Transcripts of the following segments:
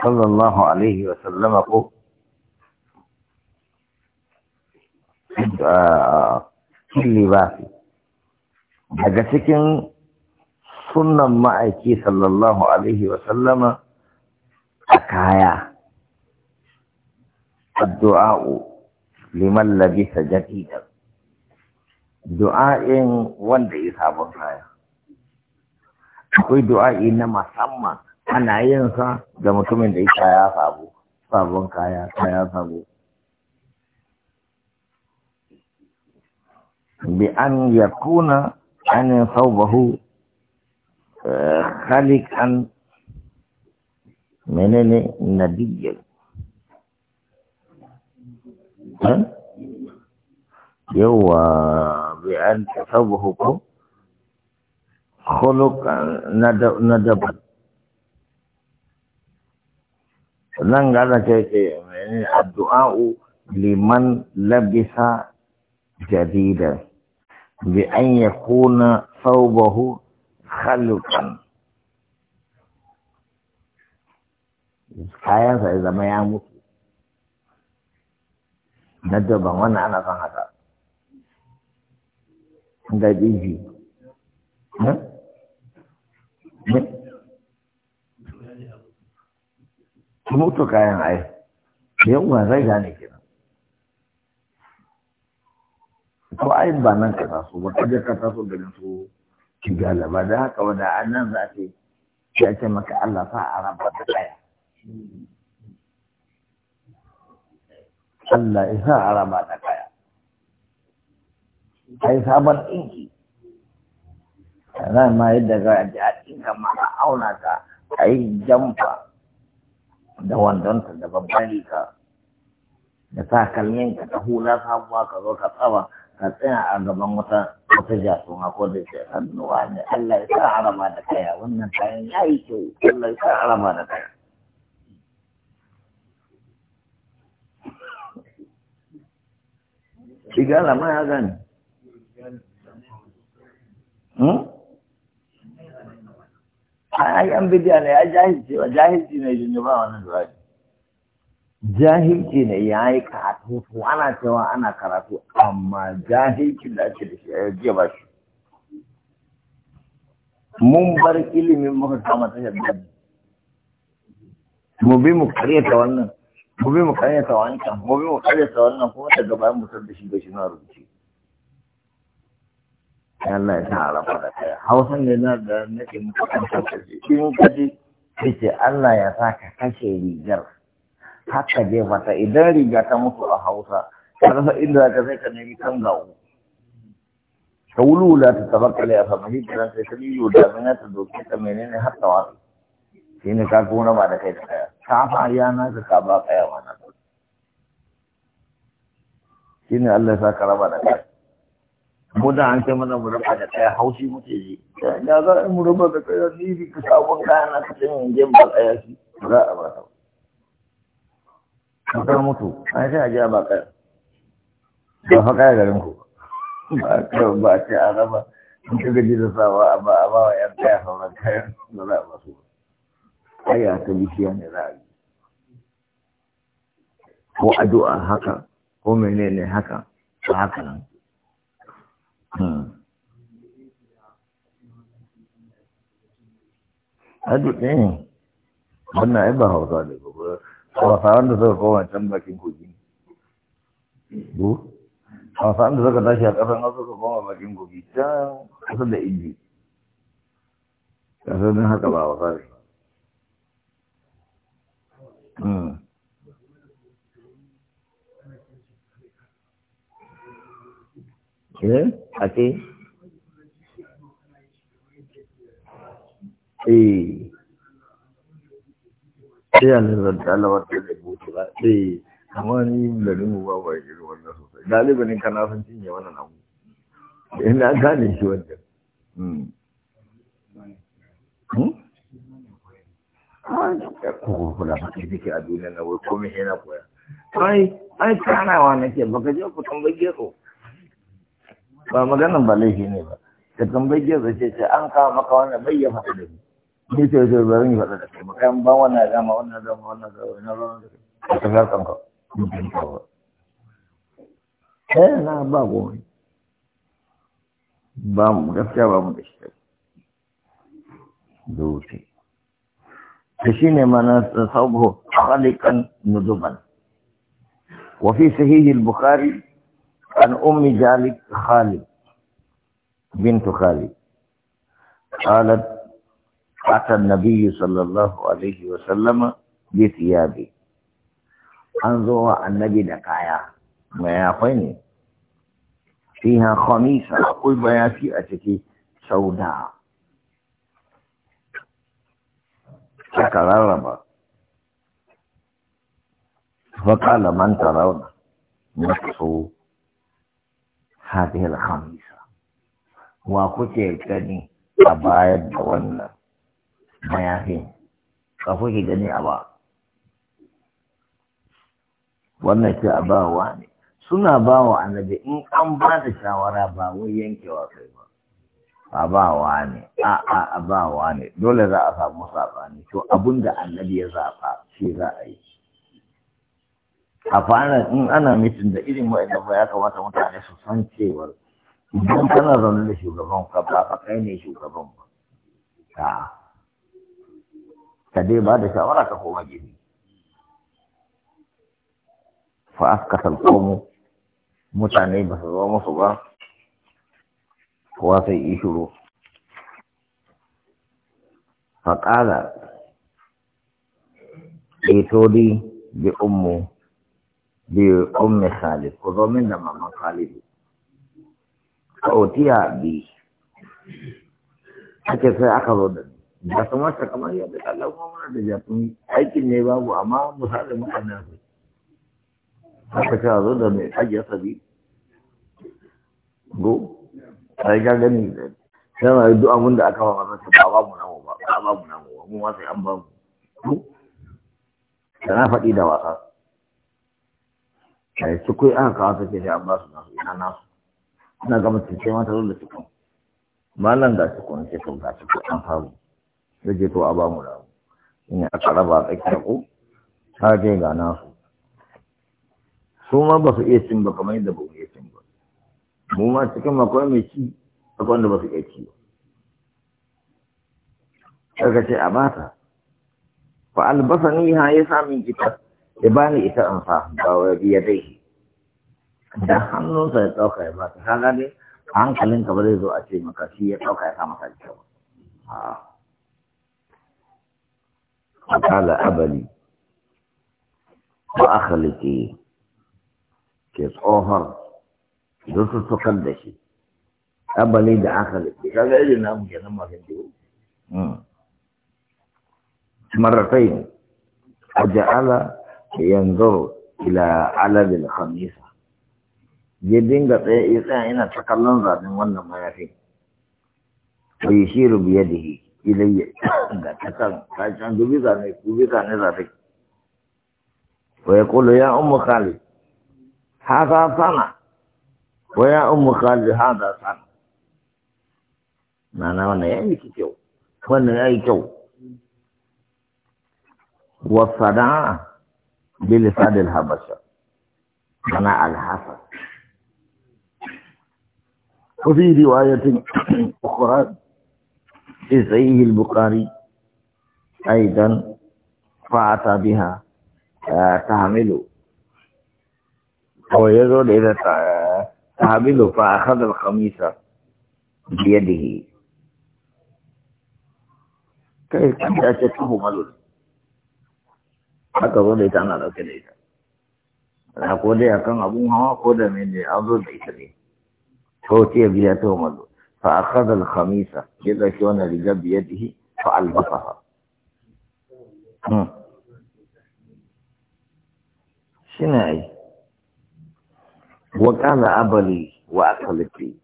sallallahu alaihi wa sallama ko kin ah, daga cikin sunan ma'aiki sallallahu alaihi wa sallama a kaya addu'a'u liman labisa jadidan du'a'in wanda ya sabon kaya akwai du'a'i na musamman ana yin sa da mutumin da yake ya sabo sabon kaya kaya sabo bi an yakuna an saubahu khalikan menene nadiyya yawa bi an saubahu ko khulukan nadabat Senang kan cek cek ini doa u liman labisa jadi dah. biaya kuna saubahu thawbahu Kaya Saya zaman sama yang mutu. Nada bangunan anak sangat. Tidak easy. Hmm? mutu kayan ai yawwa zai gane kenan to ai ba nan ka taso ba kaje ka taso garin su kigala ba da haka wanda a nan za ce shi ake maka Allah fa a ran ba kaya Allah isa a ran ba kaya sabon inki ran ma yadda ga a ji a ɗinka a auna ka a yi jamfa da wandonta da babban ka da ka ta hula sabuwa ka zo ka tsaba ka tsaya a gaban wata wata jasuma ko da ce hannuwa ne Allah ya sa arama da kaya wannan kayan ya yi kyau Allah ya sa arama da kaya Igala lama ya gani. Hmm? ai an bidiya ne ya jahilci wa jahilci ne jin ba wannan zuwa jahilci ne ya yi karatu to ana cewa ana karatu amma jahilci da ake da shi a eh, jiya ba shi mun bar ilimin muka kama ta shaddadi mu bi mu ta wannan mu bi mu karyata wancan mu bi mu wannan kuma daga bayan mu da shi ga shi na rubuce Allah ya sa arafa da kai hausan ne na da nake muku kan kashe shi mun Allah ya sa ka kashe rigar haka je mata idan riga ta mutu a hausa ka rasa inda ka sai ka nemi kan gawo ka wulula ta kale a famahi da sai ka lilo da mina ta doke ta menene har ta wasu shi ne ka kuma ba da kai da kaya ka fa ya na ka ka ba kaya wannan shi ne Allah ya sa ka raba da kai mu da an kai mana mu da kai haushi muke ji Ya za a mu murabba da kai ni bi ka sabon kaya na kace in je ba ya shi za a ba ta mutu an sai a je ba kaya ba fa kaya garin ku ba ka ba ce a raba in ka gaji da sawa a ba a ba wa yan kaya sauran kayan da za a ba su A ta bishiya ne za a yi ko addu'a haka ko menene haka ba haka nan Hadu hmm. eh. wannan ai ba hausa da ba, hausawan suka koma can bakin kogi. Bu? suka tashi a ƙasar na suka koma bakin kogi can ƙasar da inji. haka ba hausa ne. Hmm. eh a ce eh sai a nan talawar da da buci ba sai eh. amma ni da mu ba ba irin wannan sosai galibin kana sun cinye wannan abu ina eh, gane shi wannan mm hmm? kula baka jike a duniya na wai komai yana koya ai ai tsarawa nake baka je ku tambaye ko ba maganan ba laifi ne ba ka tambayi zai ce ce an kawo maka wannan bai ya faɗa da ni ni ce ce ba zan yi faɗa da kai ba kayan ba wannan dama wannan dama wannan dama wannan dama ka tafi harkan ka eh na ba komai ba mu gaskiya ba mu da shi dutse ta shi ne mana sauho khalikan nuduban wa fi sahihi al-bukhari عن أم جالك خالد بنت خالد قالت أتى النبي صلى الله عليه وسلم بثيابه أنظر النبي نكايا ما يقيني فيها خميسة أقول بياتي أتكي سوداء ربا فقال من ترون نفسه هذه الخميسة Wa kuke أبايد وانا ما يافي كفوكي كني أبا وانا كأبا واني suna ba wa annabi in an ba da shawara ba wai yankewa kai ba a ba wa ne a a ba wa ne dole za a samu sabani to abin da annabi ya zafa shi za a yi a fara in ana mitin da irin wa'in da ya kamata mutane su san cewar idan kana zaune da shugaban ka ba a kai ne shugaban ba ka ka dai ba da shawara ka koma gini fa askasal mu mutane ba su zo musu ba kowa sai yi shiru fa qala itodi eh, bi ummu bi ummi Khalid ku zo min da maman Khalid kautiya bi ake sai aka zo da da sun wata kamar yadda Allah kuma muna da jafin aikin ne babu amma misalin mutanen su aka ka a zo da mai ajiyar sabi go a yi gagani da yana du'a abin da aka ba masa ba ba mu ba ba mu ba mu ma sai an ba mu sana faɗi da wasa kai su kai an kawo ta ce an ba su nasu ina nasu ina ga mutum ce mata da su kun malam ga su kun ce to ga su an faru da je to a ba mu rawu in aka raba tsakiyar ku ta je ga nasu su ma ba su iya cin ba kamar yadda ba mu iya cin ba mu ma cikin makwai mai ci akwai wanda ba su iya ci ba daga ce a bata fa albasa ni ha ya min kitab ya bani ita an sa ba wa biya dai da hannunsa ya ɗauka ya ba ta kaga dai a hankalin ka ba zai zo a ce maka shi ya ɗauka ya sa masa kyau a kala abali wa akhliki ke tsohon don su tukar da shi abali da akhliki kaga irin namu kenan masu jiwo مرتين وجعل yanzu ila alabil khamisa ya dinga tsaye ya tsaya ina ta kallon zaɓen wannan mayafi wa yushiru bi yadihi ilayya ga takan kacan dubi zane dubi zane zaɓe wa yaqulu ya ummu khalid hadha sana wa ya ummu khalid hadha sana ma'ana wannan ya yi kyau wannan ya yi kyau wa sada'a بلسان الحبشة منع الحسن وفي رواية أخرى في صحيح البخاري أيضا فأتى بها آه، تحمل ويزول إلى آه، تحمل فأخذ القميص بيده كيف كانت تتهم aka zo da ita ana ɗauke da ita da ko dai akan abun hawa ko da mai da an zo da ita ne to ce biya to mazo fa akhadha al khamisa ya dauki wannan riga biyadihi fa albasaha shine ai wa kana abali wa aqlati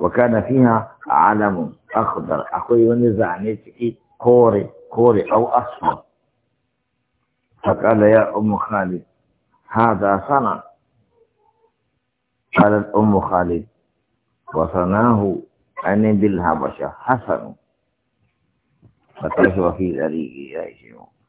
wa kana fiha alamun akhdar akwai wani zane ciki kore kore au asfar فقال يا أم خالد هذا صنع قالت أم خالد وصناه أن بالهبشة حسن فتشوى في ذلك يا شيخ